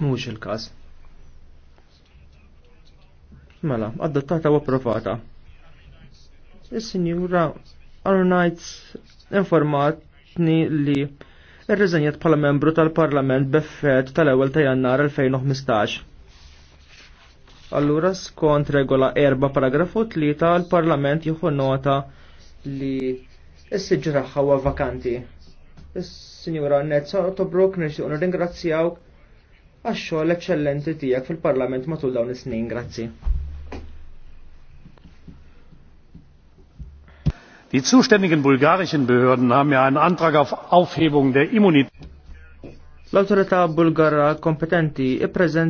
Mhux il-każ. Mela, adottata u approvata. Is-Sinjura Arnajt informatni li irriżenjat bħala membru tal-Parlament beffet tal-ewwel ta' Jannar 2015. Allura skont regola 4 paragrafu 3 l-Parlament juhu nota li s-siġraħħa vakanti. Is-Sinjura Netza Otobrok unu ringrazzjawk għax l eċċellenti tijak fil-Parlament matul dawn is-snin, grazzi. Die zuständigen bulgarischen Behörden haben ja einen Antrag auf Aufhebung der Immunität. L'autorità bulgara kompetenti ippreżent